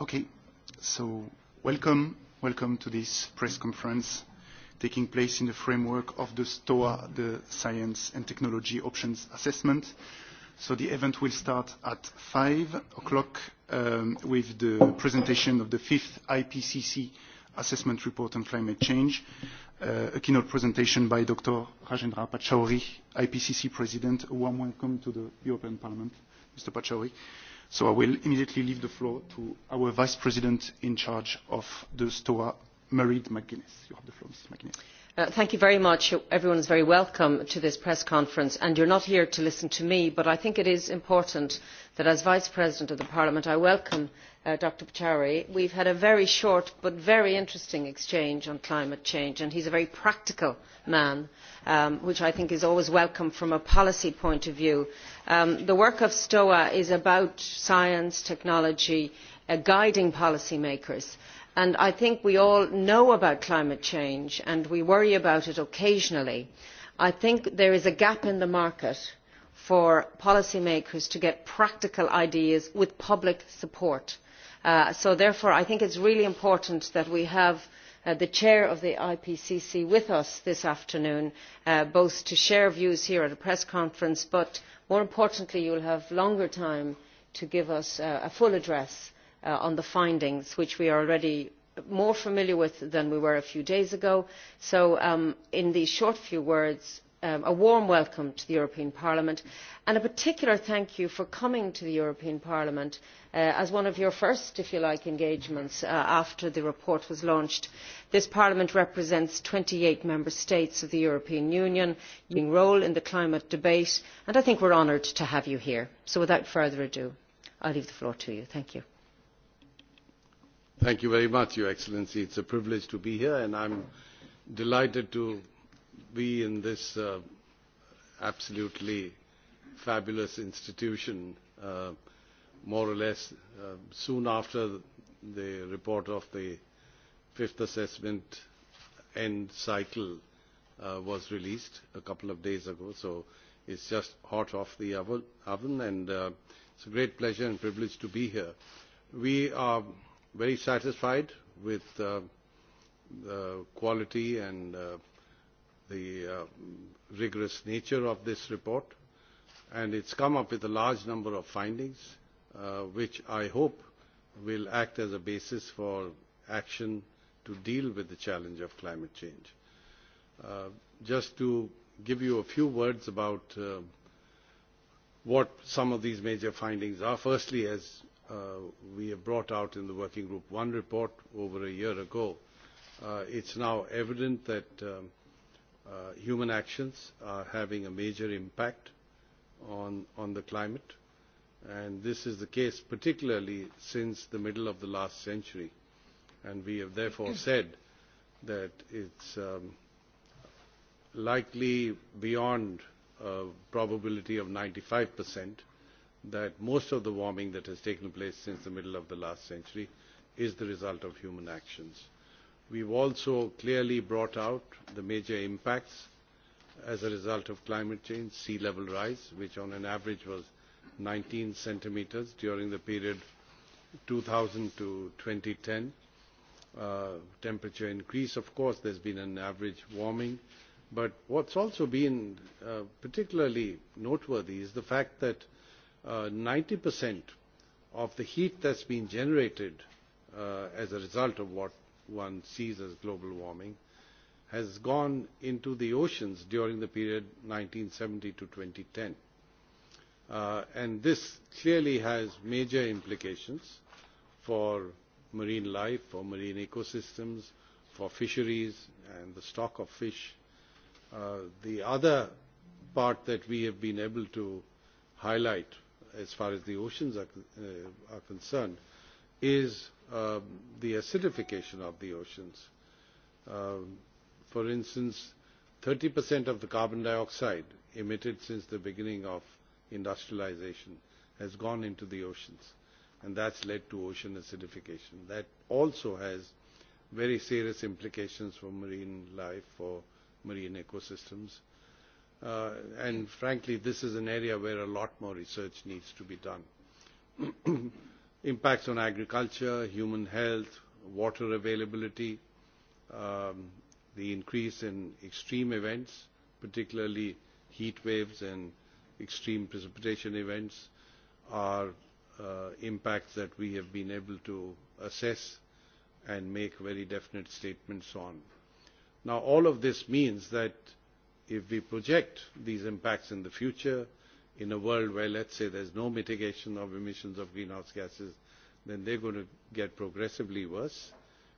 Okay, so welcome, welcome to this press conference taking place in the framework of the STOA, the Science and Technology Options Assessment. So the event will start at 5 o'clock with the presentation of the fifth IPCC Assessment Report on Climate Change, a keynote presentation by Dr. Rajendra Pachauri, IPCC President. A warm welcome to the European Parliament, Mr. Pachauri. So I will immediately leave the floor to our Vice President in charge of the STOA, Mairead McGuinness. You the floor, McGuinness thank you very much. everyone is very welcome to this press conference and you are not here to listen to me but i think it is important that as vice president of parliament i welcome dr pachauri. we have had a very short but very interesting exchange on climate change and he is a very practical man which i think is always welcome from a policy point of view. the work of stoa is about science technology guiding policymakers i think we all know about climate change and we worry about it occasionally i think there is a gap in the market for policymakers to get practical ideas with public support so therefore i think it is really important that we have the chair of the ipcc with us this afternoon both to share views here at a press conference but more importantly you will have longer time to give us a full address on the findings which we are already more familiar with than we were a few days ago. so in these short few words a warm welcome to the european parliament and a particular thank you for coming to the european parliament as one of your first if you like engagements after the report was launched. this parliament represents twenty eight member states of the european union leading role in the climate debate and i think we are honoured to have you here. so without further ado i leave the floor to you. thank you. Thank you very much, Your Excellency. It's a privilege to be here, and I'm delighted to be in this absolutely fabulous institution, more or less soon after the report of the fifth assessment end cycle was released a couple of days ago, so it's just hot off the oven, and it's a great pleasure and privilege to be here. We are very satisfied with the quality and the rigorous nature of this report and it's come up with a large number of findings which I hope will act as a basis for action to deal with the challenge of climate change. Just to give you a few words about what some of these major findings are. Firstly, as we have brought out in the working group one report over a year ago, it's now evident that human actions are having a major impact on the climate. And this is the case particularly since the middle of the last century. And we have therefore said that it's likely beyond a probability of 95% that most of the warming that has taken place since the middle of the last century is the result of human actions. We've also clearly brought out the major impacts as a result of climate change, sea level rise, which on an average was 19 centimeters during the period 2000 to 2010. Temperature increase, of course, there's been an average warming. But what's also been particularly noteworthy is the fact that 90% of the heat that's been generated as a result of what one sees as global warming has gone into the oceans during the period 1970 to 2010. And this clearly has major implications for marine life, for marine ecosystems, for fisheries and the stock of fish. The other part that we have been able to highlight as far as the oceans are concerned is the acidification of the oceans. For instance, 30% of the carbon dioxide emitted since the beginning of industrialization has gone into the oceans, and that's led to ocean acidification. That also has very serious implications for marine life, for marine ecosystems, and frankly this is an area where a lot more research needs to be done. Impacts on agriculture, human health, water availability, the increase in extreme events, particularly heat waves and extreme precipitation events are impacts that we have been able to assess and make very definite statements on. Now all of this means that if we project these impacts in the future in a world where, let's say, there's no mitigation of emissions of greenhouse gases, then they're going to get progressively worse.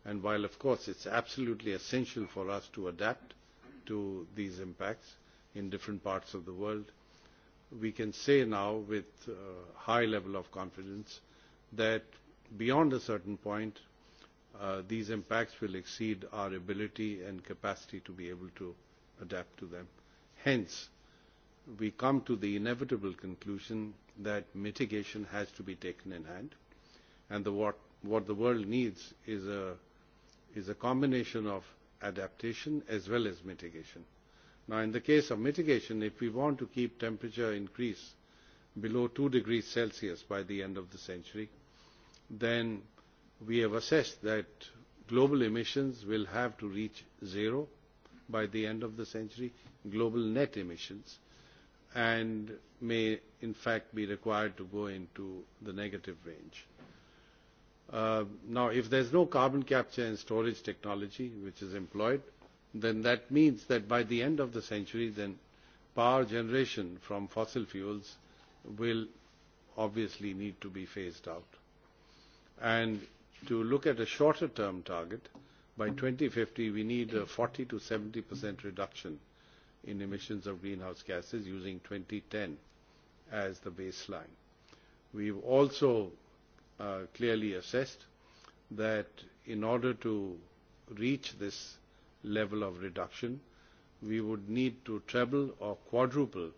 And while, of course, it's absolutely essential for us to adapt to these impacts in different parts of the world, we can say now with a high level of confidence that beyond a certain point, these impacts will exceed our ability and capacity to be able to adapt to them. Hence, we come to the inevitable conclusion that mitigation has to be taken in hand, and what the world needs is a combination of adaptation as well as mitigation. Now, in the case of mitigation, if we want to keep temperature increase below 2 degrees Celsius by the end of the century, then we have assessed that global emissions will have to reach zero by the end of the century global net emissions and may in fact be required to go into the negative range. Now, if there is no carbon capture and storage technology which is employed, then that means that by the end of the century, then power generation from fossil fuels will obviously need to be phased out. And to look at a shorter term target, by 2050 we need a 40 to 70% reduction in emissions of greenhouse gases using 2010 as the baseline. We've also clearly assessed that in order to reach this level of reduction, we would need to treble or quadruple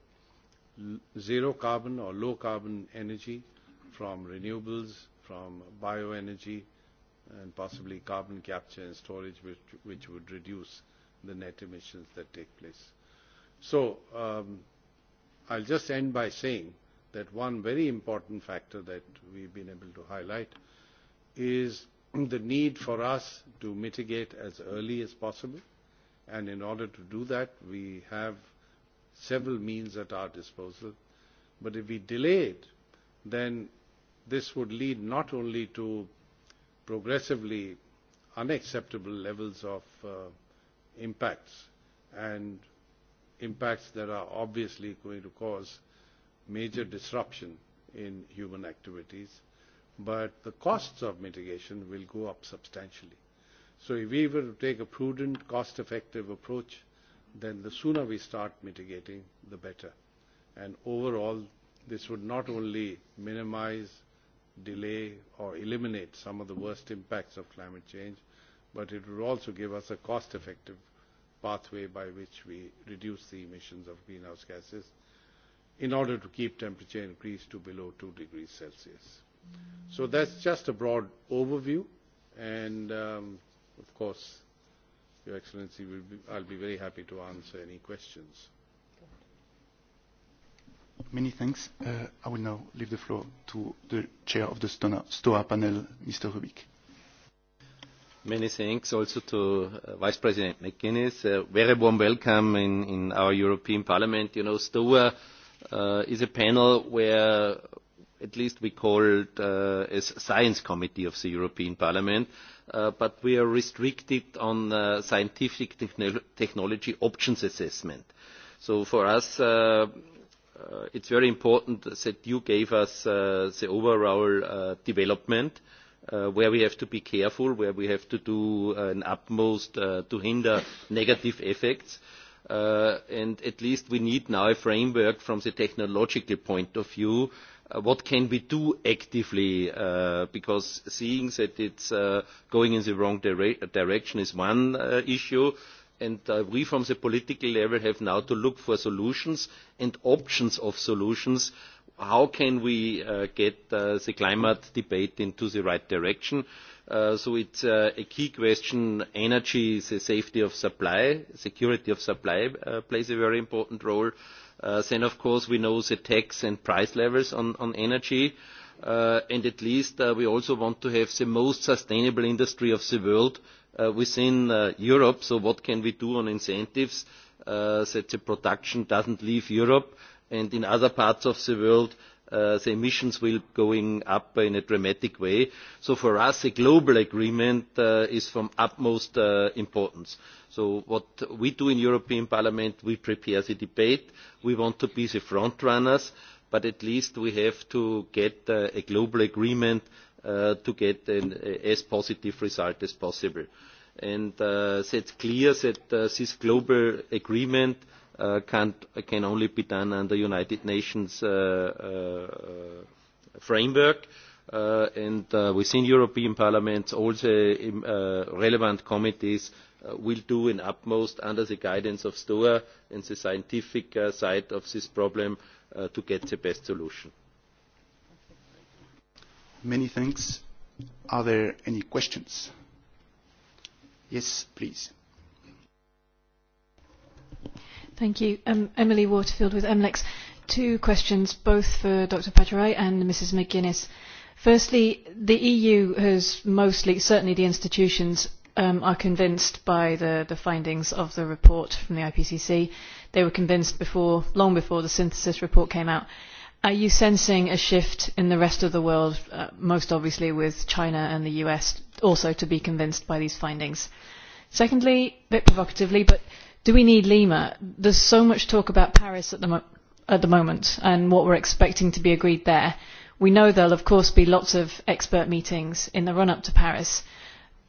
zero carbon or low carbon energy from renewables, from bioenergy, and possibly carbon capture and storage which would reduce the net emissions that take place. So I'll just end by saying that one very important factor that we've been able to highlight is the need for us to mitigate as early as possible and in order to do that we have several means at our disposal but if we delay it then this would lead not only to progressively unacceptable levels of impacts and impacts that are obviously going to cause major disruption in human activities, but the costs of mitigation will go up substantially. So if we were to take a prudent, cost-effective approach, then the sooner we start mitigating, the better. And overall, this would not only minimize delay or eliminate some of the worst impacts of climate change, but it will also give us a cost-effective pathway by which we reduce the emissions of greenhouse gases in order to keep temperature increase to below 2 degrees Celsius. So that's just a broad overview, and of course, Your Excellency, I'll be very happy to answer any questions. Many thanks. I will now leave the floor to the chair of the STOA panel, Mr. Rubik. Many thanks also to Vice President McGuinness. A very warm welcome in our European Parliament. You know, STOA is a panel where at least we call it a Science Committee of the European Parliament, but we are restricted on scientific technology options assessment. So for us, It's very important that you gave us the overall development, where we have to be careful, where we have to do an utmost to hinder negative effects. And at least we need now a framework from the technological point of view. What can we do actively? Because seeing that it's going in the wrong direction is one issue and we from the political level have now to look for solutions and options of solutions. How can we get the climate debate into the right direction? So it's a key question. Energy, the safety of supply, security of supply plays a very important role. Then, of course, we know the tax and price levels on energy. And at least we also want to have the most sustainable industry of the world within Europe. So what can we do on incentives that the production doesn't leave Europe and in other parts of the world the emissions will going up in a dramatic way. So for us a global agreement is of utmost importance. So what we do in European Parliament, we prepare the debate. We want to be the front runners, but at least we have to get a global agreement to get an as positive result as possible. And it's clear that this global agreement can only be done under United Nations framework. And within European Parliament, all the relevant committees will do in utmost under the guidance of STOA and the scientific side of this problem to get the best solution. Many thanks. Are there any questions? Yes, please. Thank you. Emily Waterfield with MLEX. Two questions, both for Dr. Pateray and Mrs. McGuinness. Firstly, the EU has mostly, certainly the institutions, are convinced by the findings of the report from the IPCC. They were convinced before, long before the synthesis report came out. Are you sensing a shift in the rest of the world, most obviously with China and the US, also to be convinced by these findings? Secondly, a bit provocatively, but do we need Lima? There's so much talk about Paris at the moment and what we're expecting to be agreed there. We know there'll of course, be lots of expert meetings in the run-up to Paris.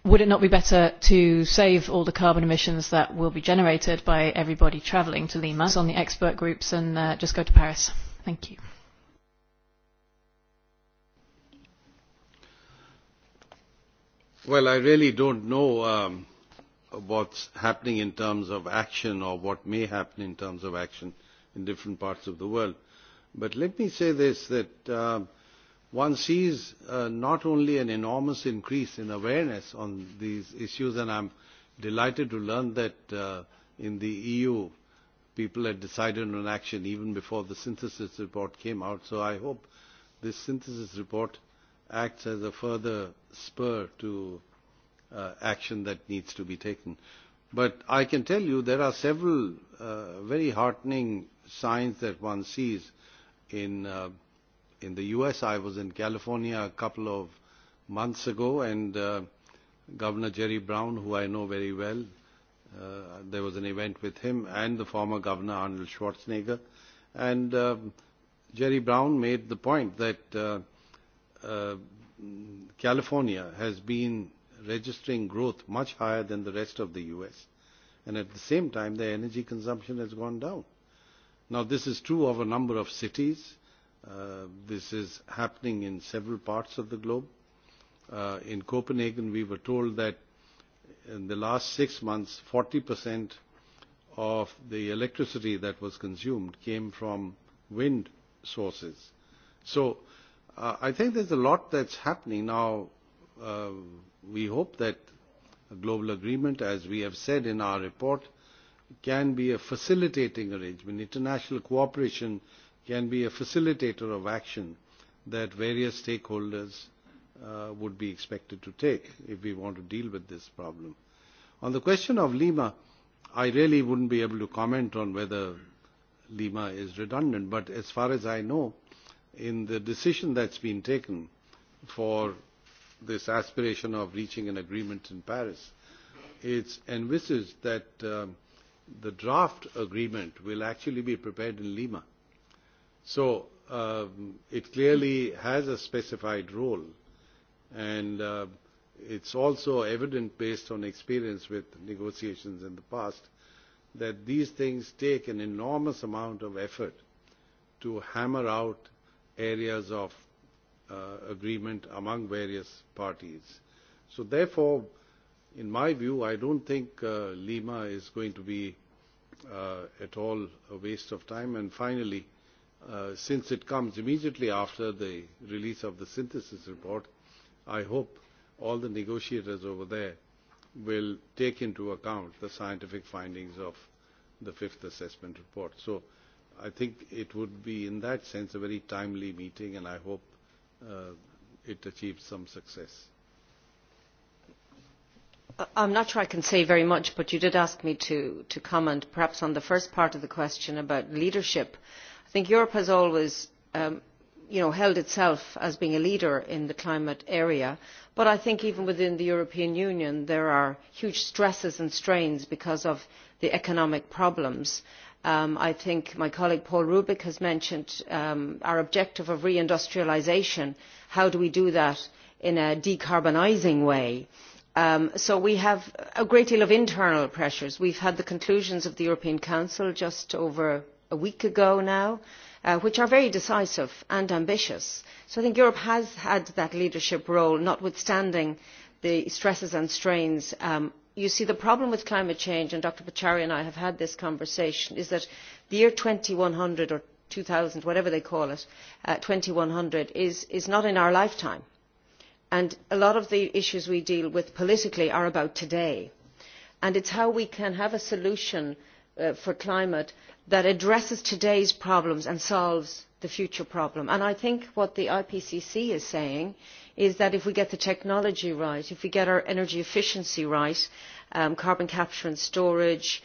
Would it not be better to save all the carbon emissions that will be generated by everybody travelling to Lima on the expert groups and just go to Paris? Thank you. Well, I really don't know what's happening in terms of action or what may happen in terms of action in different parts of the world. But let me say this, that one sees not only an enormous increase in awareness on these issues, and I'm delighted to learn that in the EU people had decided on action even before the synthesis report came out. So I hope this synthesis report acts as a further spur to action that needs to be taken. But I can tell you there are several very heartening signs that one sees in in the US. I was in California a couple of months ago and Governor Jerry Brown, who I know very well, there was an event with him and the former Governor Arnold Schwarzenegger. And Jerry Brown made the point that California has been registering growth much higher than the rest of the U.S. And at the same time, their energy consumption has gone down. Now, this is true of a number of cities. This is happening in several parts of the globe. In Copenhagen, we were told that in the last six months, 40% of the electricity that was consumed came from wind sources. So I think there's a lot that's happening now. We hope that a global agreement, as we have said in our report, can be a facilitating arrangement. International cooperation can be a facilitator of action that various stakeholders would be expected to take if we want to deal with this problem. On the question of Lima, I really wouldn't be able to comment on whether Lima is redundant, but as far as I know, in the decision that's been taken for this aspiration of reaching an agreement in Paris, it's envisaged that the draft agreement will actually be prepared in Lima. So it clearly has a specified role, and it's also evident based on experience with negotiations in the past that these things take an enormous amount of effort to hammer out areas of agreement among various parties. So therefore, in my view, I don't think Lima is going to be at all a waste of time. And finally, since it comes immediately after the release of the synthesis report, I hope all the negotiators over there will take into account the scientific findings of the fifth assessment report. So I think it would be in that sense a very timely meeting and I hope it achieves some success. I'm not sure I can say very much, but you did ask me to comment perhaps on the first part of the question about leadership. I think Europe has always held itself as being a leader in the climate area, but I think even within the European Union there are huge stresses and strains because of the economic problems I think my colleague Paul Rubik has mentioned our objective of reindustrialisation. How do we do that in a decarbonising way? So we have a great deal of internal pressures. We've had the conclusions of the European Council just over a week ago now, which are very decisive and ambitious. So I think Europe has had that leadership role, notwithstanding the stresses and strains you see the problem with climate change and dr pachauri and i have had this conversation is that the year 2100 one hundred or two thousand whatever they call it 2100 is not in our lifetime and a lot of the issues we deal with politically are about today and it is how we can have a solution for climate that addresses today's problems and solves the future problem. And I think what the IPCC is saying is that if we get the technology right, if we get our energy efficiency right, carbon capture and storage,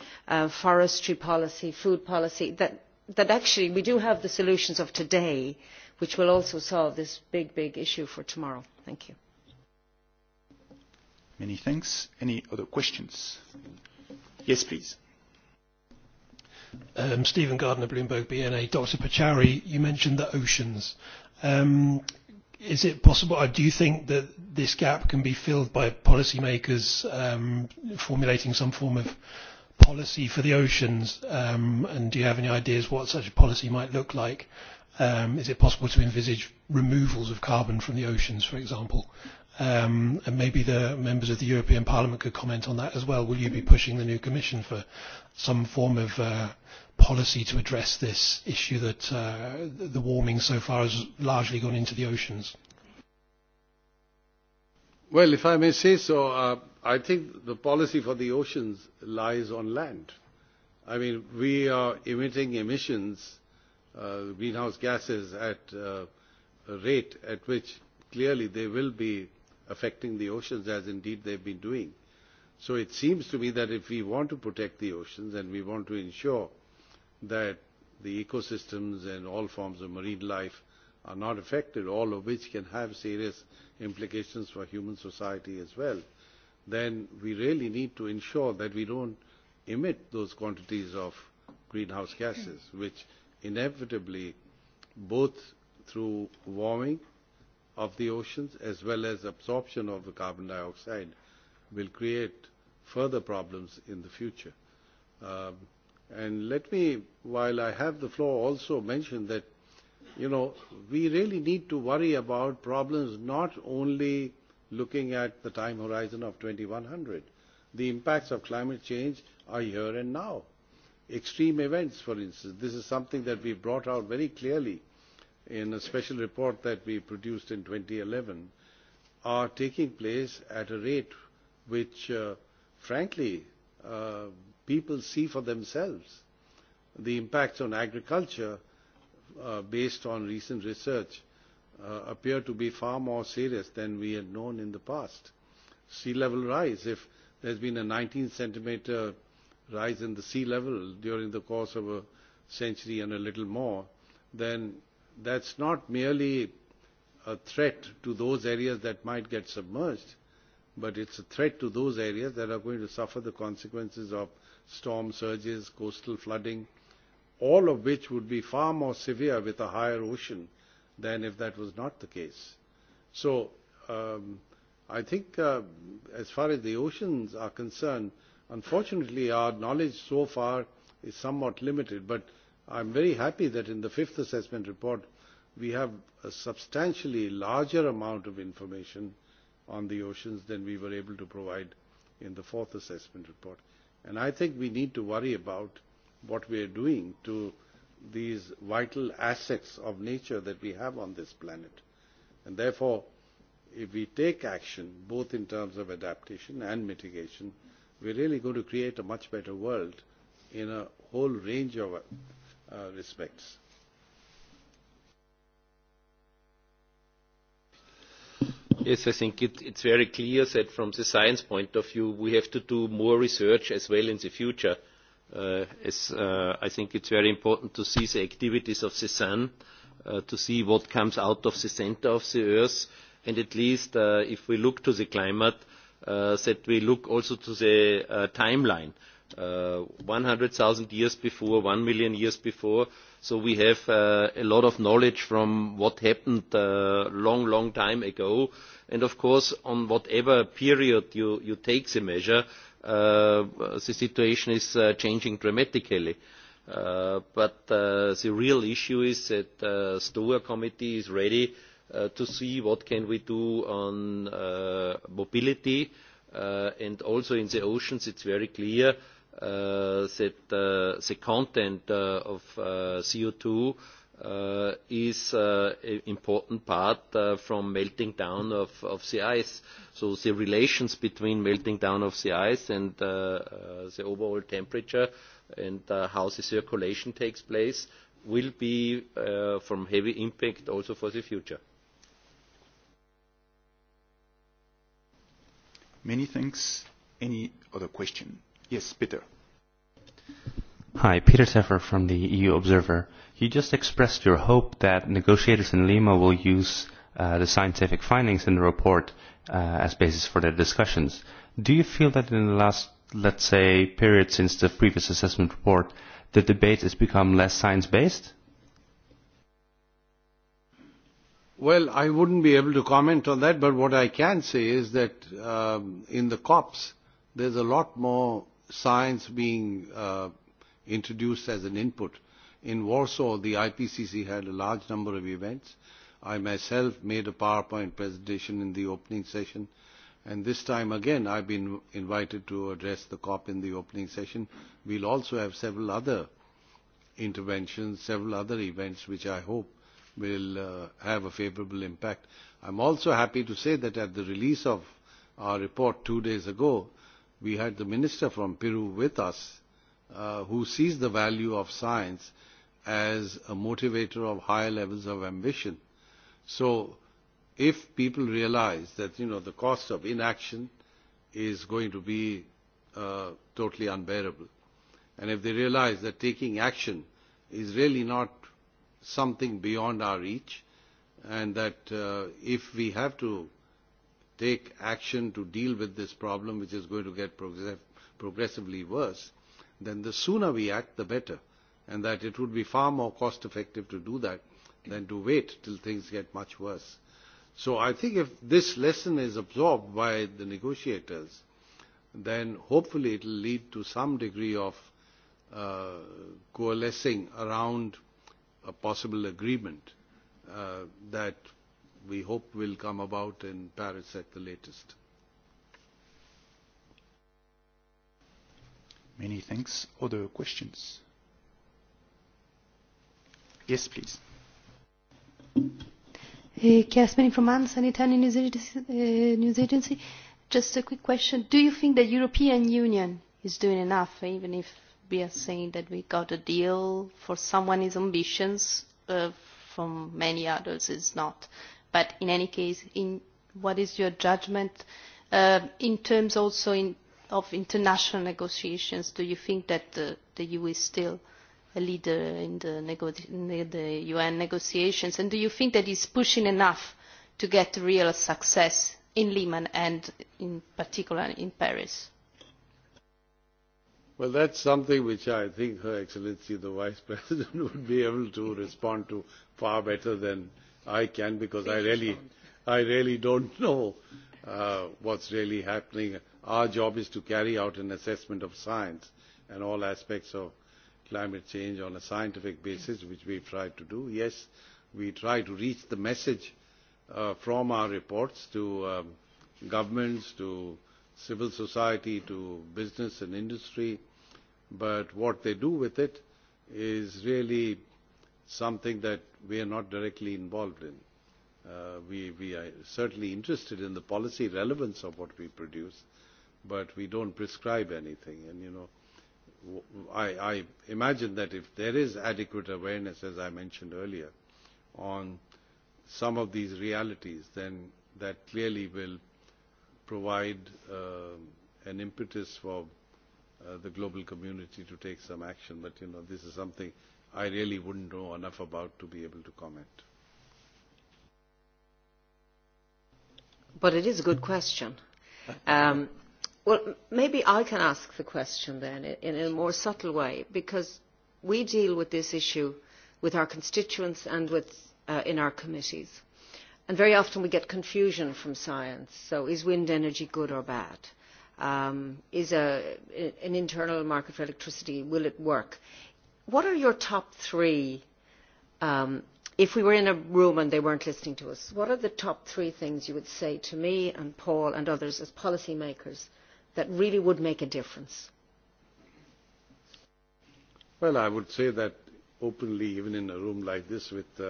forestry policy, food policy, that actually we do have the solutions of today, which will also solve this big, big issue for tomorrow. Thank you. Many thanks. Any other questions? Yes, please. Stephen Gardner, Bloomberg BNA. Dr. Pachari, you mentioned the oceans. Is it possible, do you think that this gap can be filled by policymakers formulating some form of policy for the oceans? And do you have any ideas what such a policy might look like? Is it possible to envisage removals of carbon from the oceans, for example? And maybe the members of the European Parliament could comment on that as well. Will you be pushing the new Commission for some form of policy to address this issue that the warming so far has largely gone into the oceans? Well, if I may say so, I think the policy for the oceans lies on land. I mean, we are emitting emissions, greenhouse gases, at a rate at which clearly they will be affecting the oceans as indeed they've been doing. So it seems to me that if we want to protect the oceans and we want to ensure that the ecosystems and all forms of marine life are not affected, all of which can have serious implications for human society as well, then we really need to ensure that we don't emit those quantities of greenhouse gases, which inevitably, both through warming of the oceans as well as absorption of the carbon dioxide will create further problems in the future. And let me, while I have the floor, also mention that, you know, we really need to worry about problems not only looking at the time horizon of 2100. The impacts of climate change are here and now. Extreme events, for instance, this is something that we brought out very clearly in a special report that we produced in 2011 are taking place at a rate which frankly people see for themselves the impacts on agriculture based on recent research appear to be far more serious than we had known in the past sea level rise if there's been a 19 centimeter rise in the sea level during the course of a century and a little more then that's not merely a threat to those areas that might get submerged, but it's a threat to those areas that are going to suffer the consequences of storm surges, coastal flooding, all of which would be far more severe with a higher ocean than if that was not the case. So I think as far as the oceans are concerned, unfortunately our knowledge so far is somewhat limited, but I'm very happy that in the fifth assessment report we have a substantially larger amount of information on the oceans than we were able to provide in the fourth assessment report. And I think we need to worry about what we are doing to these vital assets of nature that we have on this planet. And therefore, if we take action, both in terms of adaptation and mitigation, we really going to create a much better world in a whole range of respects. Yes, I think it's very clear that from the science point of view, we have to do more research as well in the future. I think it's very important to see the activities of the sun, to see what comes out of the center of the earth, and at least if we look to the climate, that we look also to the timeline 100,000 years before, 1 million years before. So we have a lot of knowledge from what happened a long, long time ago. And of course, on whatever period you take the measure, the situation is changing dramatically. But the real issue is that the STOA committee is ready to see what can we do on mobility. And also in the oceans, it's very clear that the content of CO2 is an important part from melting down of the ice. So the relations between melting down of the ice and the overall temperature and how the circulation takes place will be from heavy impact also for the future. Many thanks. Any other question? Yes, Peter. Hi, Peter Seffer from the EU Observer. You just expressed your hope that negotiators in Lima will use the scientific findings in the report as basis for their discussions. Do you feel that in the last, let's say, period since the previous assessment report, the debate has become less science-based? Well, I wouldn't be able to comment on that, but what I can say is that in the COPs, there's a lot more science being introduced as an input. In Warsaw, the IPCC had a large number of events. I myself made a PowerPoint presentation in the opening session, and this time again I've been invited to address the COP in the opening session. We'll also have several other interventions, several other events which I hope will have a favourable impact. I'm also happy to say that at the release of our report two days ago, we had the minister from Peru with us who sees the value of science as a motivator of higher levels of ambition. So if people realize that, you know, the cost of inaction is going to be totally unbearable, and if they realize that taking action is really not something beyond our reach, and that if we have to take action to deal with this problem which is going to get progressively worse, then the sooner we act, the better, and that it would be far more cost effective to do that than to wait till things get much worse. So I think if this lesson is absorbed by the negotiators, then hopefully it will lead to some degree of coalescing around a possible agreement that we hope will come about in Paris at the latest. Many thanks. Other questions? Yes, please. Kasmini from ANSA, an news agency. Just a quick question. Do you think the European Union is doing enough, even if we are saying that we got a deal for someone's ambitions ambitions from many others is not? But in any case, in what is your judgment in terms also of international negotiations? Do you think that the EU is still a leader in the UN negotiations? And do you think that it's pushing enough to get real success in Lehman and in particular in Paris? Well, that's something which I think Her Excellency the Vice President would be able to respond to far better than I can because I really, I really don't know what's really happening. Our job is to carry out an assessment of science and all aspects of climate change on a scientific basis, which we try to do. Yes, we try to reach the message from our reports to governments, to civil society, to business and industry, but what they do with it is really something that we are not directly involved in. We we are certainly interested in the policy relevance of what we produce, but we don't prescribe anything. And you know, I imagine that if there is adequate awareness, as I mentioned earlier, on some of these realities, then that clearly will provide an impetus for the global community to take some action. But you know, this is something I really wouldn't know enough about to be able to comment. But it is a good question. Um, well, maybe I can ask the question then in a more subtle way, because we deal with this issue with our constituents and with, uh, in our committees. And very often we get confusion from science. So is wind energy good or bad? Um, is an internal market for electricity, will it work? what are your top three if we were in a room and they weren't listening to us what are the top three things you would say to me and paul and others as policymakers that really would make a difference well i would say that openly even in a room like this with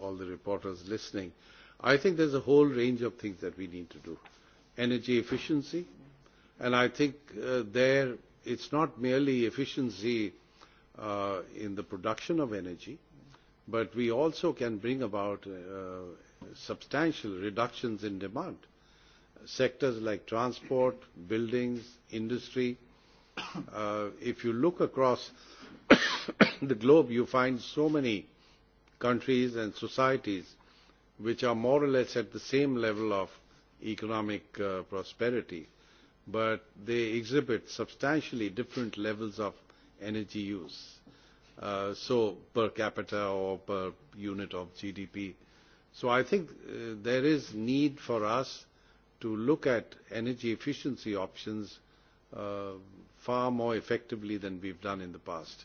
all the reporters listening i think there's a whole range of things that we need to do energy efficiency and i think there it's not merely efficiency in the production of energy, but we also can bring about substantial reductions in demand. Sectors like transport, buildings, industry. If you look across the globe, you find so many countries and societies which are more or less at the same level of economic prosperity, but they exhibit substantially different levels of energy use, so per capita or per unit of GDP. So I think there is need for us to look at energy efficiency options far more effectively than we've done in the past.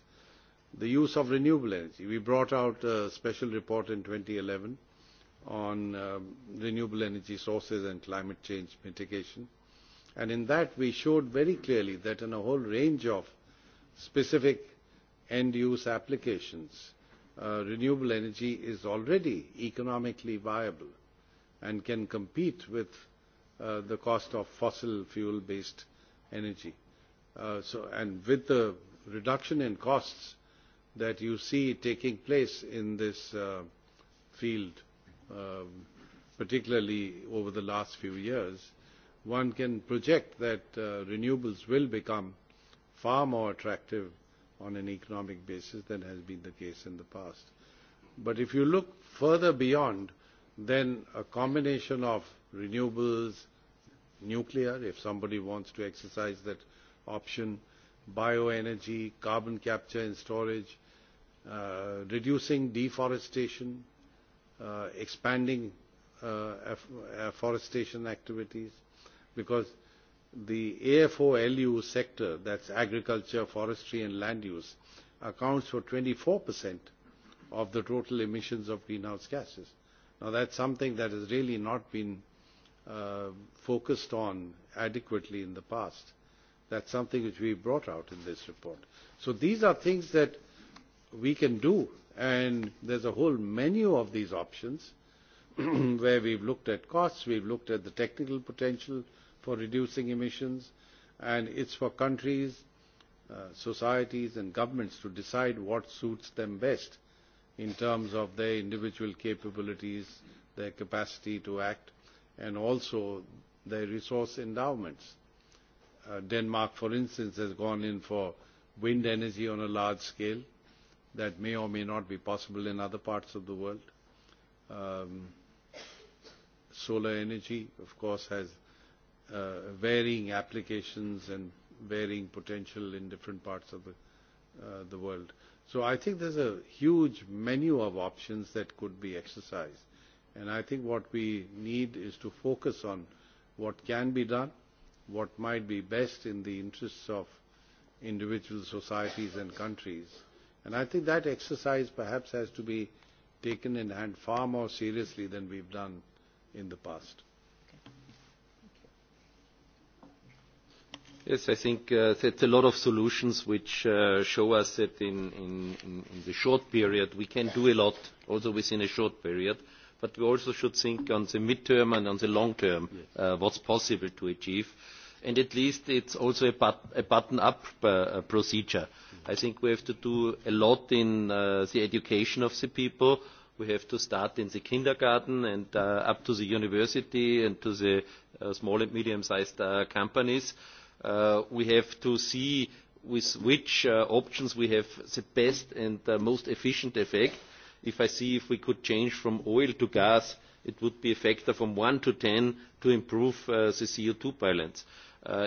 The use of renewable energy. We brought out a special report in 2011 on renewable energy sources and climate change mitigation. And in that we showed very clearly that in a whole range of specific end use applications renewable energy is already economically viable and can compete with the cost of fossil fuel based energy so and with the reduction in costs that you see taking place in this field particularly over the last few years one can project that renewables will become far more attractive on an economic basis than has been the case in the past. But if you look further beyond, then a combination of renewables, nuclear, if somebody wants to exercise that option, bioenergy, carbon capture and storage, reducing deforestation, expanding afforestation activities, because the AFOLU sector, that's agriculture, forestry and land use, accounts for 24% of the total emissions of greenhouse gases. Now that's something that has really not been focused on adequately in the past. That's something which we brought out in this report. So these are things that we can do and there's a whole menu of these options where we've looked at costs, we've looked at the technical potential, for reducing emissions and it's for countries societies and governments to decide what suits them best in terms of their individual capabilities their capacity to act and also their resource endowments denmark for instance has gone in for wind energy on a large scale that may or may not be possible in other parts of the world solar energy of course has varying applications and varying potential in different parts of the world. So I think there's a huge menu of options that could be exercised. And I think what we need is to focus on what can be done, what might be best in the interests of individual societies and countries. And I think that exercise perhaps has to be taken in hand far more seriously than we've done in the past. Yes, I think that's a lot of solutions which show us that in in in the short period we can do a lot, also within a short period, but we also should think on the mid-term and on the long-term what's possible to achieve. And at least it's also a button-up procedure. I think we have to do a lot in the education of the people. We have to start in the kindergarten and up to the university and to the small and medium-sized companies we have to see with which options we have the best and most efficient effect. If I see if we could change from oil to gas, it would be a factor from 1 to 10 to improve the CO2 balance.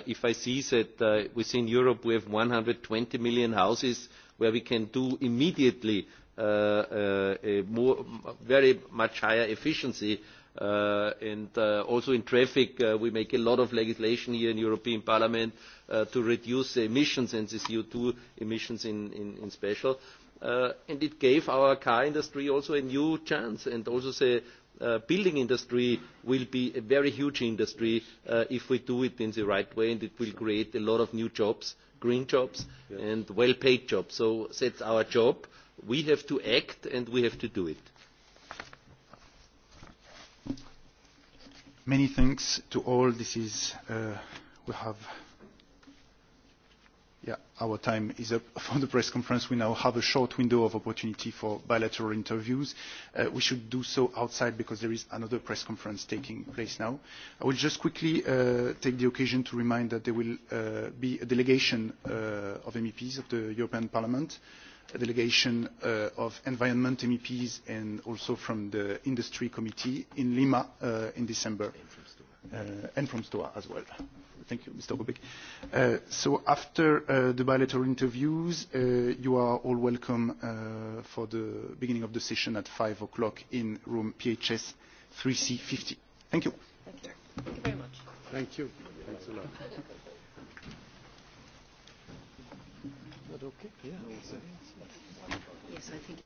If I see that within Europe we have 120 million houses where we can do immediately a very much higher efficiency and also in traffic we make a lot of legislation here in the European Parliament to reduce the emissions and the CO2 emissions in special and it gave our car industry also a new chance and also the building industry will be a very huge industry if we do it in the right way and it will create a lot of new jobs, green jobs and well paid jobs. So that's our job. We have to act and we have to do it. Many thanks to all. This is, we have, yeah, our time is up for the press conference. We now have a short window of opportunity for bilateral interviews. We should do so outside because there is another press conference taking place now. I will just quickly take the occasion to remind that there will be a delegation of MEPs of the European Parliament a delegation of environment MEPs and also from the industry committee in Lima in December and from STOA as well. Thank you, Mr. Rubik. So after the bilateral interviews, you are all welcome for the beginning of the session at 5 o'clock in room PHS 3C50. Thank you. Thank you very much. Thank you. that okay? Yeah. Yes, I think.